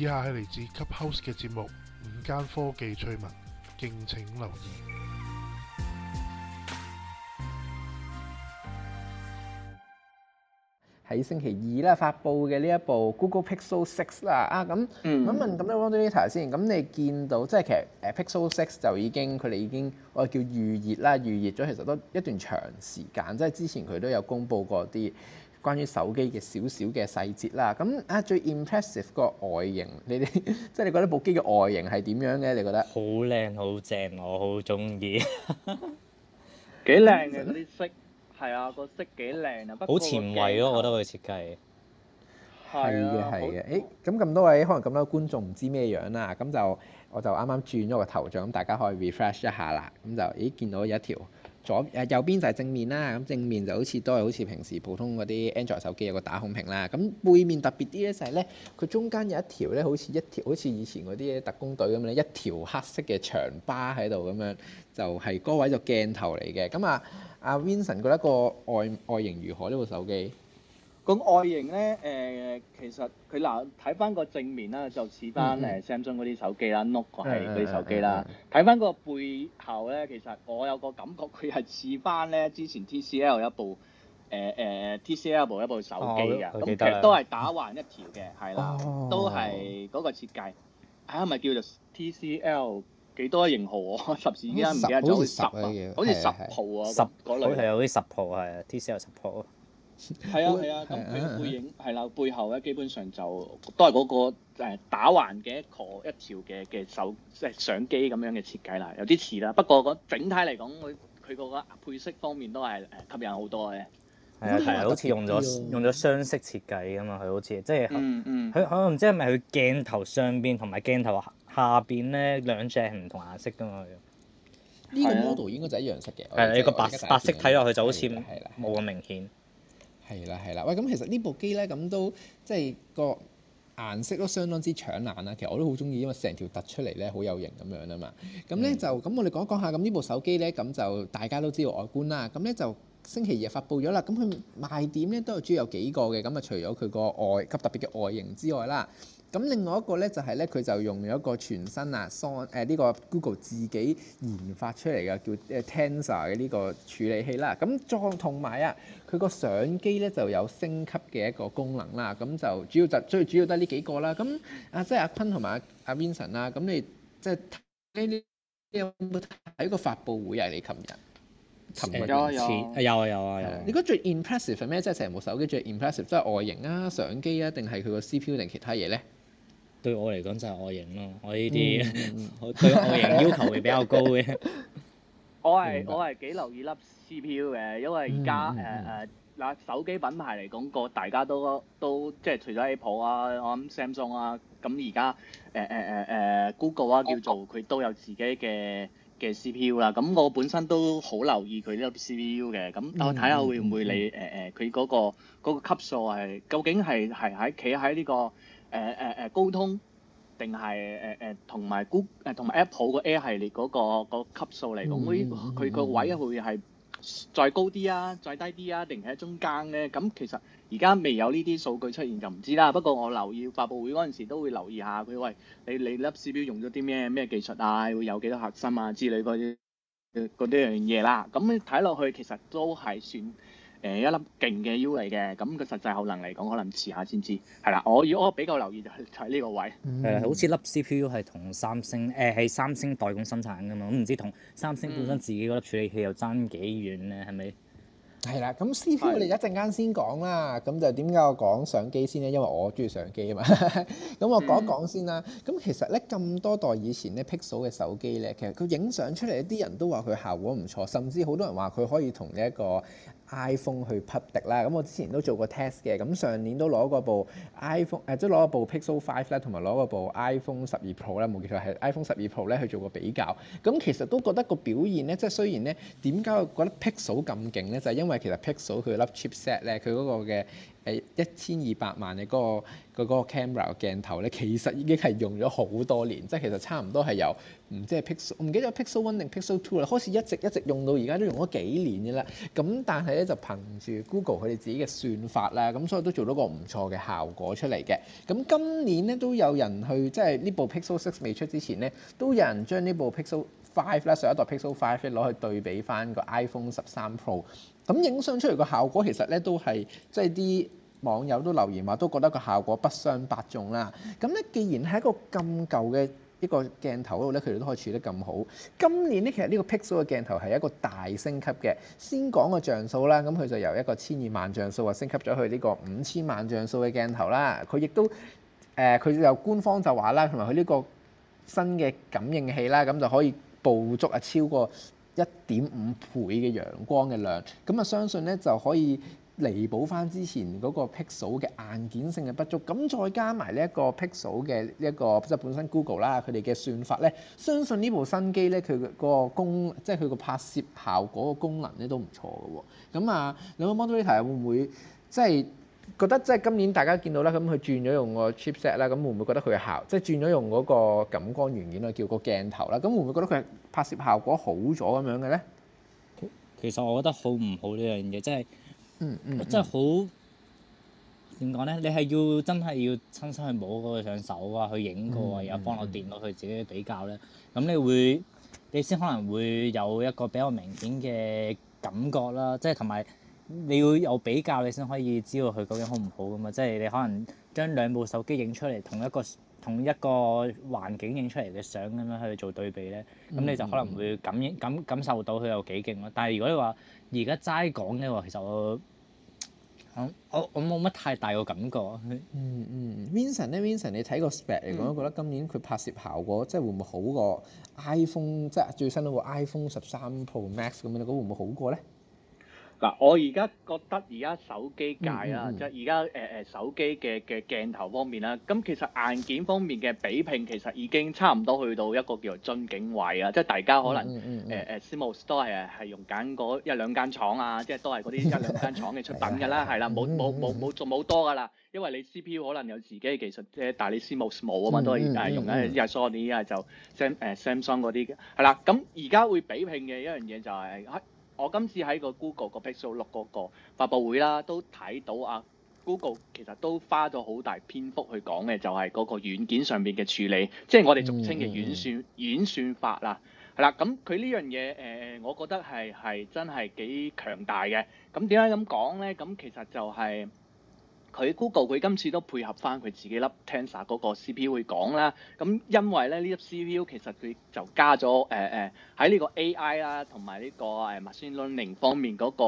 以下係嚟自 Clubhouse 嘅節目《五間科技趣聞》，敬請留意。喺星期二咧發佈嘅呢一部 Google Pixel 6啦，啊咁，揾、嗯、問咁多 data 先，咁你見到即係其實誒 Pixel 6就已經佢哋已經我哋叫預熱啦，預熱咗其實都一段長時間，即係之前佢都有公布過啲。關於手機嘅少少嘅細節啦，咁啊，最 impressive 個外形，你哋即係你覺得部機嘅外形係點樣嘅？你覺得好靚好正，我好中意，幾靚嘅啲色，係啊，個色幾靚啊，不過好前衞咯，我覺得佢設計係嘅係嘅，誒咁，咁多位可能咁多觀眾唔知咩樣啦，咁就我就啱啱轉咗個頭像，咁大家可以 refresh 一下啦，咁就咦，見到有一條。左誒右邊就係正面啦，咁正面就好似都係好似平時普通嗰啲 Android 手機有個打孔屏啦。咁背面特別啲咧就係咧，佢中間有一條咧，好似一條好似以前嗰啲特工隊咁樣，一條黑色嘅長巴喺度咁樣，就係、是、嗰位就鏡頭嚟嘅。咁啊，阿、啊、Winson 覺得個外外形如何呢部、這個、手機？個外形咧，誒，其實佢嗱，睇翻個正面啦，就似翻誒 Samsung 嗰啲手機啦，Note 嗰係嗰啲手機啦。睇翻個背後咧，其實我有個感覺，佢係似翻咧之前 TCL 一部，誒誒 TCL 一部一部手機啊。我記得啦。咁其實都係打橫一條嘅，係啦，都係嗰個設計。嚇，咪叫做 TCL 幾多型號啊？十時而家唔記得咗。好似十號啊，好似十號啊，好似有啲十號係啊，TCL 十號。係啊係啊，咁佢背影係啦，背後咧基本上就都係嗰、嗰個打橫嘅一個一條嘅嘅手即係相機咁樣嘅設計啦，有啲似啦。不過嗰整體嚟講，佢佢個配色方面都係吸引多、 啊、好多嘅。係啊，好似用咗用咗雙色設計啊嘛，佢好似即係佢可能唔知係咪佢鏡頭上邊同埋鏡頭下下邊咧兩隻係唔同顏色噶嘛。呢個 model 應該就係一樣色嘅。係你個白白色睇落去就好似冇咁明顯。係啦，係啦，喂，咁其實呢部機咧，咁都即係個顏色都相當之搶眼啦。其實我都好中意，因為成條突出嚟咧，好有型咁樣啊嘛。咁咧、嗯、就咁，我哋講一講下，咁呢部手機咧，咁就大家都知道外觀啦。咁咧就星期二發布咗啦。咁佢賣點咧都係主要有幾個嘅。咁啊，除咗佢個外及特別嘅外形之外啦。咁另外一個咧就係咧，佢就用咗一個全新啊，So，誒呢個 Google 自己研發出嚟嘅叫誒 Tensor 嘅呢個處理器啦。咁裝同埋啊，佢個相機咧就有升級嘅一個功能啦。咁就主要就最主要得呢幾個啦。咁啊，即係阿坤同埋阿，阿 Vincent 啦。咁你即係睇呢啲你有冇睇過發佈會啊？你琴日尋日有啊有啊有啊、嗯、你覺得最 impressive 係咩？即係成部手機最 impressive 即係外形啊、相機啊，定係佢個 CPU 定其他嘢咧？對我嚟講就係外形咯，我呢啲對外形要求會比較高嘅。我係我係幾留意粒 CPU 嘅，因為而家誒誒嗱手機品牌嚟講個大家都都即係除咗 Apple 啊，我諗 Samsung 啊，咁而家誒誒誒誒 Google 啊叫做佢都有自己嘅嘅 CPU 啦。咁我本身都好留意佢呢粒 CPU 嘅，咁我睇下會唔會你誒誒佢嗰個嗰個級數係究竟係係喺企喺呢個？誒誒誒高通定係誒誒同埋 Google 誒同埋 Apple 個 A 系列嗰個個級數嚟講，佢佢個位會係再高啲啊？再低啲啊？定係喺中間咧、啊？咁其實而家未有呢啲數據出現就唔知啦。不過我留意發布會嗰陣時都會留意下佢，喂，你你粒 C P U 用咗啲咩咩技術啊？會有幾多核心啊之類嗰啲啲樣嘢啦。咁睇落去其實都係算。誒一粒勁嘅 U 嚟嘅，咁、那個實際效能嚟講，可能遲下先知。係啦，我要我比較留意就係呢個位。誒、嗯，好似粒 CPU 係同三星誒係、呃、三星代工生產嘅嘛，咁唔知同三星本身自己嗰粒處理器又爭幾遠咧？係咪？係啦，咁 CPU 你一陣間先講啦。咁就點解我講相機先咧？因為我中意相機啊嘛。咁 我講一講先啦。咁、嗯、其實咧咁多代以前咧 Pixel 嘅手機咧，其實佢影相出嚟，啲人都話佢效果唔錯，甚至好多人話佢可以同呢一個。iPhone 去匹敵啦，咁我之前都做過 test 嘅，咁上年都攞過部 iPhone，誒、啊、即係攞部 Pixel Five 啦，同埋攞部 iPhone 十二 Pro 啦，冇記錯係 iPhone 十二 Pro 咧去做個比較，咁其實都覺得個表現咧，即係雖然咧，點解我覺得 Pixel 咁勁咧？就係、是、因為其實 Pixel 佢粒 chipset 咧，佢嗰個嘅。誒一千二百萬嘅嗰個、嗰個、camera、嗰個鏡頭咧，其實已經係用咗好多年，即係其實差唔多係由唔知係 Pixel 唔記得 Pixel One 定 Pixel Two 啦，開始一直一直用到而家都用咗幾年嘅啦。咁但係咧就憑住 Google 佢哋自己嘅算法啦，咁所以都做到個唔錯嘅效果出嚟嘅。咁今年咧都有人去，即係呢部 Pixel Six 未出之前咧，都有人將呢部 Pixel Five 啦，上一代 Pixel Five 攞去對比翻個 iPhone 十三 Pro，咁影相出嚟個效果其實咧都係即係啲網友都留言話，都覺得個效果不相伯仲啦。咁咧，既然係一個咁舊嘅一個鏡頭嗰度咧，佢哋都可以處得咁好。今年咧，其實呢個 Pixel 嘅鏡頭係一個大升級嘅。先講個像素啦，咁佢就由一個千二萬像素啊，升級咗去呢個五千萬像素嘅鏡頭啦。佢亦都誒，佢就由官方就話啦，同埋佢呢個新嘅感應器啦，咁就可以，捕捉啊超過一點五倍嘅陽光嘅量，咁啊相信咧就可以彌補翻之前嗰個 Pixel 嘅硬件性嘅不足，咁再加埋呢一個 Pixel 嘅呢一個即係本身 Google 啦佢哋嘅算法咧，相信呢部新機咧佢個功能即係佢個拍攝效果個功能咧都唔錯嘅喎，咁啊，兩個 Monitor 會唔會即係？覺得即係今年大家見到啦，咁佢轉咗用個 chipset 啦，咁會唔會覺得佢嘅效，即係轉咗用嗰個感光元件啊，叫個鏡頭啦，咁會唔會覺得佢拍攝效果好咗咁樣嘅咧？其實我覺得好唔好呢樣嘢，即係、嗯，嗯即係好點講咧？你係要真係要親身去摸嗰個上手啊，去影個啊，然後放落電腦去自己比較咧，咁、嗯、你會你先可能會有一個比較明顯嘅感覺啦，即係同埋。你要有比較，你先可以知道佢究竟好唔好㗎嘛。即係你可能將兩部手機影出嚟，同一個同一個環境影出嚟嘅相咁樣去做對比咧，咁你就可能會感應感感受到佢有幾勁咯。但係如果你話而家齋講咧，其實我我我冇乜太大個感覺。嗯嗯，Winson 咧，Winson，你睇個 spec 嚟講，嗯、覺得今年佢拍攝效果即係會唔會好過 iPhone 即係最新嗰個 iPhone 十三 Pro Max 咁樣咧？咁會唔會好過咧？嗱，我而家覺得而家手機界啊，即係而家誒誒手機嘅嘅鏡頭方面啦，咁其實硬件方面嘅比拼其實已經差唔多去到一個叫做樽頸位啊，即係大家可能誒誒，Samsung 都係係用緊嗰一兩間廠啊，即係都係嗰啲一兩間廠嘅出品㗎啦，係啦，冇冇冇冇仲冇多㗎啦，因為你 CPU 可能有自己嘅技術，即係但係你 Samsung 冇啊嘛，都係誒用緊一係 Sony 一係就 Sam 誒 Samsung 嗰啲嘅，係啦，咁而家會比拼嘅一樣嘢就係。我今次喺個 Google 個 Pixel 六嗰個發布會啦，都睇到啊 Google 其實都花咗好大篇幅去講嘅，就係、是、嗰個軟件上面嘅處理，即係我哋俗稱嘅軟算軟、嗯、算法啦，係啦，咁佢呢樣嘢誒，我覺得係係真係幾強大嘅。咁點解咁講咧？咁其實就係、是。佢 Google 佢今次都配合翻佢自己粒 Tensor 嗰個 CPU 會講啦。咁因為咧，呢粒 CPU 其實佢就加咗誒誒喺呢個 AI 啦，同埋呢個誒 machine learning 方面嗰個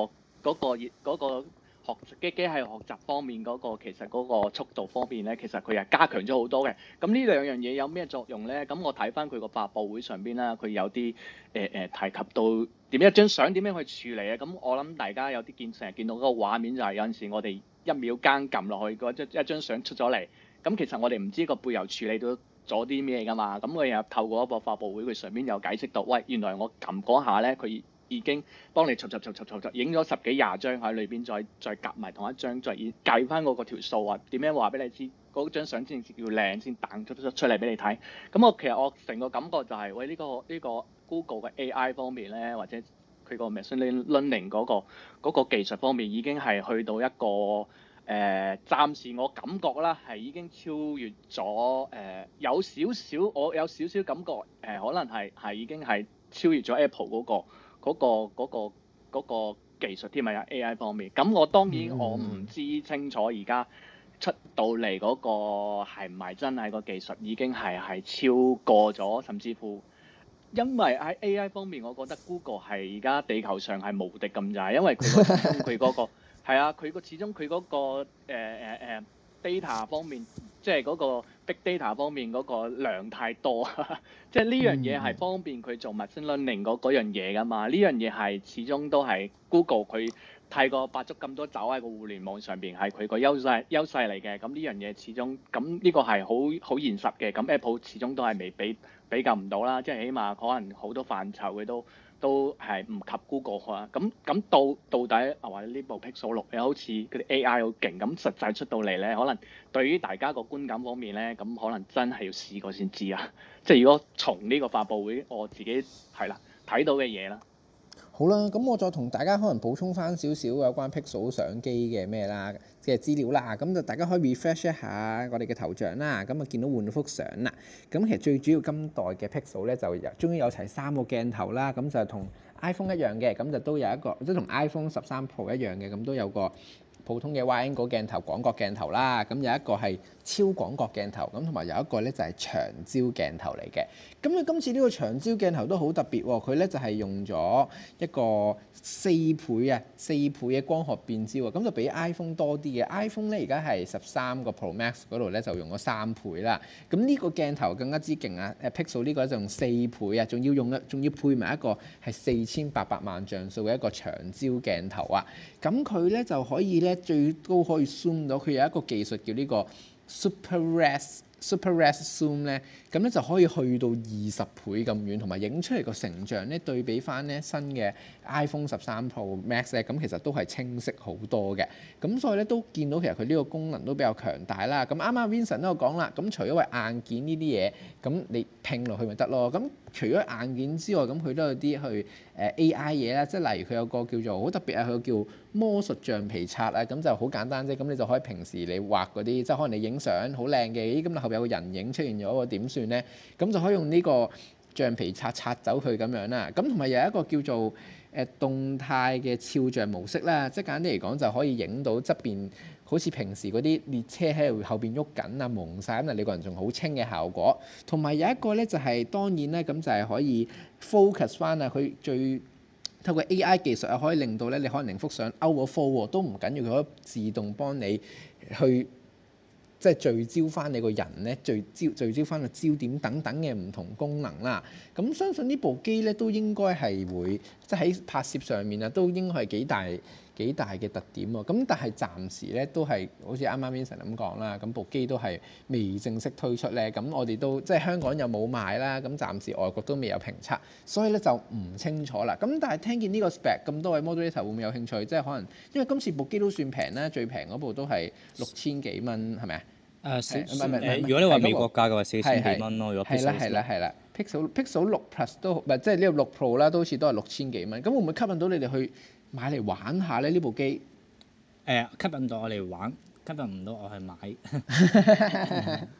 嗰個熱嗰個學機機械學習方面嗰個其實嗰個速度方面咧，其實佢又加強咗好多嘅。咁呢兩樣嘢有咩作用咧？咁我睇翻佢個發布會上邊啦，佢有啲誒誒提及到點一張相點樣去處理啊？咁我諗大家有啲見成日見到嗰個畫面就係有陣時我哋。一秒間撳落去，個一一張相出咗嚟。咁其實我哋唔知個背後處理到咗啲咩㗎嘛。咁我又透過一個發布會，佢上面又解釋到，喂，原來我撳嗰下咧，佢已經幫你撮撮撮撮撮影咗十幾廿張喺裏邊，再再夾埋同一張，再計翻嗰個條數啊，點樣話俾你知嗰張相先至叫靚，先彈出出出嚟俾你睇。咁我其實我成個感覺就係，喂，呢個呢個 Google 嘅 AI 方面咧，或者。佢個 machine learning 嗰個技術方面已經係去到一個誒、呃，暫時我感覺啦係已經超越咗誒、呃，有少少我有少少感覺誒、呃，可能係係已經係超越咗 Apple 嗰、嗰個嗰、嗰個嗰個嗰個嗰個技術添，咪有 AI 方面，咁我當然我唔知清楚而家出到嚟嗰個係唔係真係、嗰個技術已經係係超過咗，甚至乎。因為喺 AI 方面，我覺得 Google 係而家地球上係無敵咁滯，因為佢嗰個始終佢嗰個係 啊，佢、嗰個始終佢嗰個誒誒 data 方面，即係嗰個 big data 方面嗰個量太多 即係呢樣嘢係方便佢做 machine learning 嗰嗰樣嘢㗎嘛，呢樣嘢係始終都係 Google 佢。太過擺足咁多酒喺個互聯網上邊，係佢個優勢優勢嚟嘅，咁呢樣嘢始終咁呢個係好好現實嘅，咁 Apple 始終都係未比比較唔到啦，即係起碼可能好多範疇嘅都都係唔及 Google 啊，咁咁到到底啊或者呢部 Pixel 六又好似佢啲 AI 好勁，咁實際出到嚟咧，可能對於大家個觀感方面咧，咁可能真係要試過先知啊，即係如果從呢個發佈會我自己係啦睇到嘅嘢啦。好啦，咁我再同大家可能補充翻少少有關 Pixel 相機嘅咩啦嘅資料啦，咁就大家可以 refresh 一下我哋嘅頭像啦，咁啊見到換幅相啦，咁其實最主要今代嘅 Pixel 咧就有終於有齊三個鏡頭啦，咁就同 iPhone 一樣嘅，咁就都有一個即係同 iPhone 十三 Pro 一樣嘅，咁都有個。普通嘅 Wide 嗰鏡頭、廣角鏡頭啦，咁有一個係超廣角鏡頭，咁同埋有一個咧就係長焦鏡頭嚟嘅。咁佢今次呢個長焦鏡頭都好特別，佢咧就係、是、用咗一個四倍啊、四倍嘅光學變焦啊，咁就比 iPhone 多啲嘅。iPhone 咧而家係十三個 Pro Max 度咧就用咗三倍啦。咁呢個鏡頭更加之勁啊！誒 Pixel 呢個就用四倍啊，仲要用一仲要配埋一個係四千八百萬像素嘅一個長焦鏡頭啊。咁佢咧就可以咧～最高可以 zoom 到，佢有一個技術叫呢個 Super Res Super Res Zoom 咧，咁咧就可以去到二十倍咁遠，同埋影出嚟個成像咧，對比翻咧新嘅 iPhone 十三 Pro Max 咧，咁其實都係清晰好多嘅。咁所以咧都見到其實佢呢個功能都比較強大啦。咁啱啱 Vincent 都有講啦，咁除咗話硬件呢啲嘢，咁你拼落去咪得咯。咁除咗硬件之外，咁佢都有啲去誒 AI 嘢啦，即係例如佢有個叫做好特別啊，佢叫魔術橡皮擦啊，咁就好簡單啫，咁你就可以平時你畫嗰啲，即係可能你影相好靚嘅，咁後邊有個人影出現咗，點算咧？咁就可以用呢個。橡皮擦擦走佢咁樣啦，咁同埋有一個叫做誒、呃、動態嘅肖像模式啦，即係簡單啲嚟講，就可以影到側邊好似平時嗰啲列車喺後邊喐緊啊，朦晒啊，你個人仲好清嘅效果。同埋有一個咧就係、是、當然咧，咁就係可以 focus 翻啊，佢最透過 AI 技術啊，可以令到咧你可能零幅相 over focus 都唔緊要，佢可以自動幫你去。即係聚焦翻你個人咧，聚焦聚焦翻個焦，焦點等等嘅唔同功能啦。咁、嗯、相信呢部機咧都應該係會即係喺拍攝上面啊，都應該係幾大。幾大嘅特點喎？咁但係暫時咧都係好似啱啱 Winson 咁講啦，咁部機都係未正式推出咧。咁我哋都即係香港又冇買啦。咁暫時外國都未有評測，所以咧就唔清楚啦。咁但係聽見呢個 spec，咁多位 Moderator 會唔會有興趣？即係可能因為今次部機都算平啦，最平嗰部都係六千幾蚊，係咪啊？誒，係，唔係，如果你話美國價嘅話，四千幾蚊咯。係啦，係啦，係啦，誒，Pixel Pixel 六 Plus 都唔係即係呢個六 Pro 啦，都好似都係六千幾蚊。咁會唔會吸引到你哋去？買嚟玩下咧，呢部機誒、吸引到我嚟玩，吸引唔到我去買。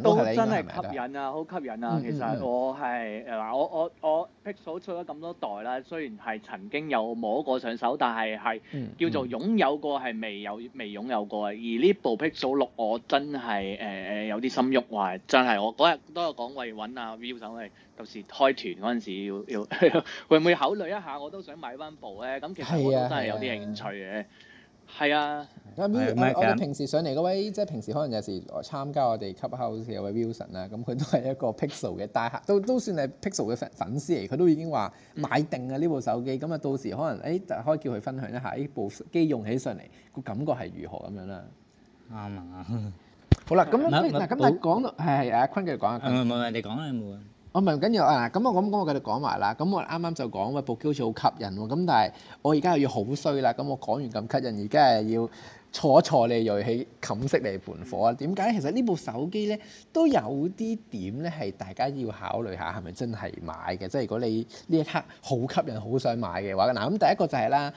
都真係吸引啊，好吸引啊！Mm hmm. 其實我係誒，我我我 Pixel 出咗咁多代啦，雖然係曾經有摸過上手，但係係叫做擁有過係、mm hmm. 未有未擁有過啊！而呢部 Pixel 六我真係誒、呃、有啲心喐啊，真係我嗰日都有講喂，揾阿 Vincent 到時開團嗰陣時要要 會唔會考慮一下？我都想買翻部咧，咁其實我都真係有啲興趣嘅。係啊，我哋平時上嚟嗰位，即係平時可能有時參加我哋 Clubhouse 有位 Wilson 啦、嗯，咁佢都係一個 Pixel 嘅，大客，都都算係 Pixel 嘅粉絲嚟，佢都已經話買定啊呢部手機，咁啊到時可能誒、哎，可以叫佢分享一下呢部機用起上嚟個感覺係如何咁樣啦。啱啊，好啦，咁嗱咁啊講到係阿坤繼續講啊，唔唔唔，你講啊，冇啊。我唔緊要啊！咁我咁講我繼續講埋啦。咁我啱啱就講、哎、部機好似好吸引喎。咁但係我而家又要好衰啦。咁我講完咁吸引，而家係要坐一坐你鋭氣，冚熄你盤火啊？點解？其實呢部手機咧都有啲點咧，係大家要考慮下，係咪真係買嘅？即係如果你呢一刻好吸引、好想買嘅話，嗱，咁第一個就係、是、啦。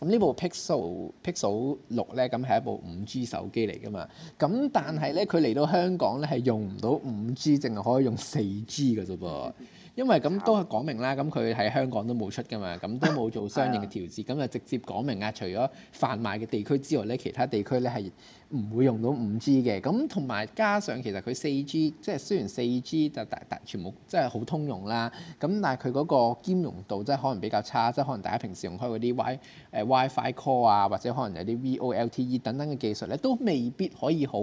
咁呢部 Pixel Pixel 六咧，咁係一部五 G 手機嚟噶嘛？咁但係咧，佢嚟到香港咧係用唔到五 G，淨係可以用四 G 嘅咋噃。因為咁都係講明啦，咁佢喺香港都冇出噶嘛，咁都冇做相應嘅調節，咁 的就直接講明啊，除咗販賣嘅地區之外咧，其他地區咧係唔會用到五 G 嘅。咁同埋加上其實佢四 G，即係雖然四 G 就全部即係好通用啦，咁但係佢嗰個兼容度即係可能比較差，即係可能大家平時用開嗰啲 Wi 誒 WiFi Call 啊，或者可能有啲 VoLTE 等等嘅技術咧，都未必可以好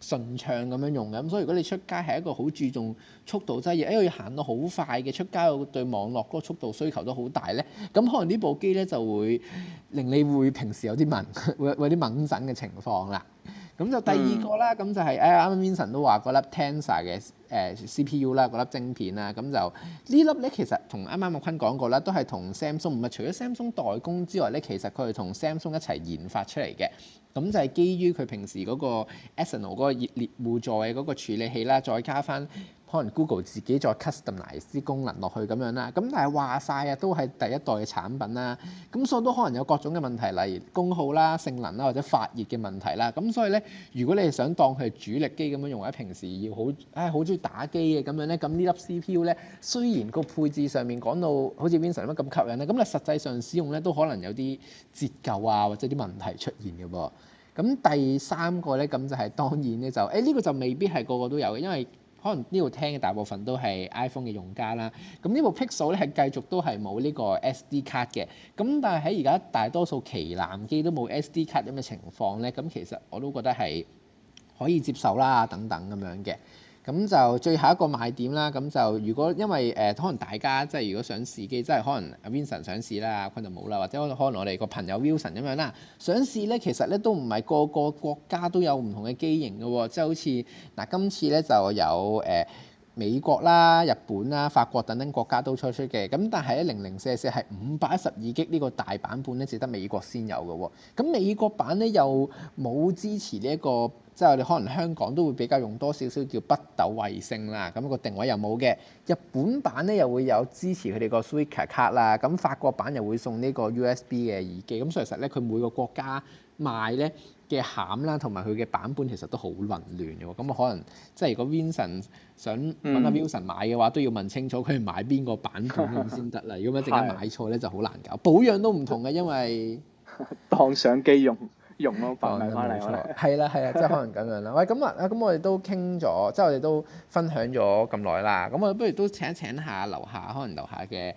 順暢咁樣用嘅，咁所以如果你出街係一個好注重速度即係嘅，誒要行到好快嘅出街，對網絡嗰個速度需求都好大咧，咁可能呢部機咧就會令你會平時有啲猛，會有啲掹神嘅情況啦。咁就第二個啦，咁、嗯、就係、是、誒啱、哎、啱 Winson 都話嗰粒 Tensor 嘅。誒 CPU 啦，嗰粒晶片啦，咁就呢粒咧，其實同啱啱阿坤講過啦，都係同 Samsung 唔係除咗 Samsung 代工之外咧，其實佢係同 Samsung 一齊研發出嚟嘅，咁就係基於佢平時嗰個 Exynos 嗰個熱烈互助嘅嗰個處理器啦，再加翻。可能 Google 自己再 customise 啲功能落去咁樣啦。咁但係話晒啊，都係第一代嘅產品啦，啊。咁所以都可能有各種嘅問題，例如功耗啦、性能啦或者發熱嘅問題啦。咁所以咧，如果你係想當佢係主力機咁樣用或者平時，要好誒好中意打機嘅咁樣咧，咁呢粒 C P U 咧，雖然個配置上面講到好似 Win 十乜咁吸引啦，咁咧實際上使用咧都可能有啲折舊啊或者啲問題出現嘅噃。咁第三個咧，咁就係當然咧就誒呢、哎這個就未必係個個都有嘅，因為。可能呢度聽嘅大部分都係 iPhone 嘅用家啦，咁呢部 Pixel 咧係繼續都係冇呢個 SD 卡嘅，咁但係喺而家大多數旗艦機都冇 SD 卡咁嘅情況咧，咁其實我都覺得係可以接受啦，等等咁樣嘅。咁就最後一個賣點啦，咁就如果因為誒、呃、可能大家即係如果想試機，即係可能阿 Vincent 想試啦，阿坤就冇啦，或者可能我哋個朋友 Wilson 咁樣啦，想試咧，其實咧都唔係個個國家都有唔同嘅機型嘅喎、喔，即係好似嗱、呃、今次咧就有誒、呃、美國啦、日本啦、法國等等國家都出出嘅，咁但係喺零零四四係五百一十二 G 呢個大版本咧，只得美國先有嘅喎、喔，咁美國版咧又冇支持呢、這、一個。即係我哋可能香港都會比較用多少少叫北斗衛星啦，咁個定位又冇嘅。日本版咧又會有支持佢哋個 Switch 卡啦，咁法國版又會送呢個 USB 嘅耳機。咁所以其實咧，佢每個國家賣咧嘅餡啦，同埋佢嘅版本其實都好混亂嘅。咁可能即係如果 Winson 想揾阿 Winson 買嘅話，嗯、都要問清楚佢買邊個版本咁先得啦。如果 一陣間買錯咧，就好難搞。保養都唔同嘅，因為 當相機用。融咯，放開嚟咯，係啦，係啦，即係可能咁樣啦。喂，咁啊，咁我哋都傾咗，即係我哋都分享咗咁耐啦。咁我不如都請一請下樓下，可能樓下嘅。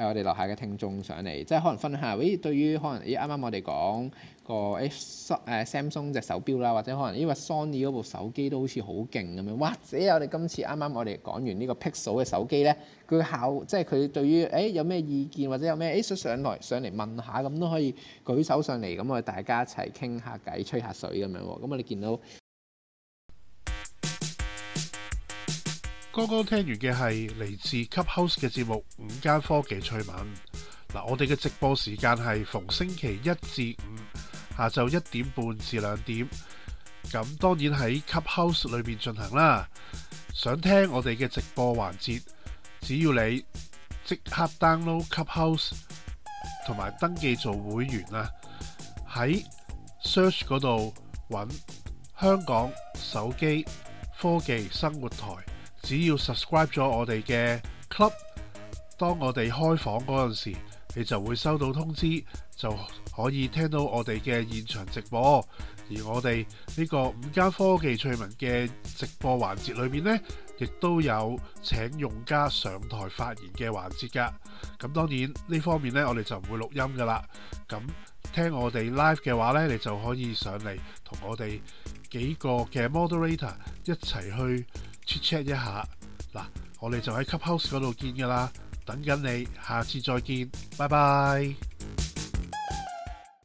誒，我哋樓下嘅聽眾上嚟，即係可能分享下，咦、哎？對於可能咦、那個，啱啱我哋講個誒，Samsung 隻手錶啦，或者可能因為 Sony 嗰部手機都好似好勁咁樣，或者我哋今次啱啱我哋講完個呢個 Pixel 嘅手機咧，佢效，即係佢對於誒、哎、有咩意見，或者有咩誒上上來上嚟問下，咁都可以舉手上嚟，咁我哋大家一齊傾下偈，吹下水咁樣喎，咁我哋見到？剛剛聽完嘅係嚟自 Clubhouse 嘅節目《五間科技趣聞》嗱、啊。我哋嘅直播時間係逢星期一至五下晝一點半至兩點。咁、啊、當然喺 Clubhouse 裏面進行啦。想聽我哋嘅直播環節，只要你即刻 download Clubhouse 同埋登記做會員啊。喺 Search 嗰度揾香港手機科技生活台。只要 subscribe 咗我哋嘅 club，當我哋開房嗰陣時，你就會收到通知，就可以聽到我哋嘅現場直播。而我哋呢個午間科技趣聞嘅直播環節裏面呢，亦都有請用家上台發言嘅環節㗎。咁當然呢方面呢，我哋就唔會錄音㗎啦。咁聽我哋 live 嘅話呢，你就可以上嚟同我哋幾個嘅 moderator 一齊去。Check 一下，嗱，我哋就喺 Clubhouse 嗰度見㗎喇，等緊你，下次再見，拜拜。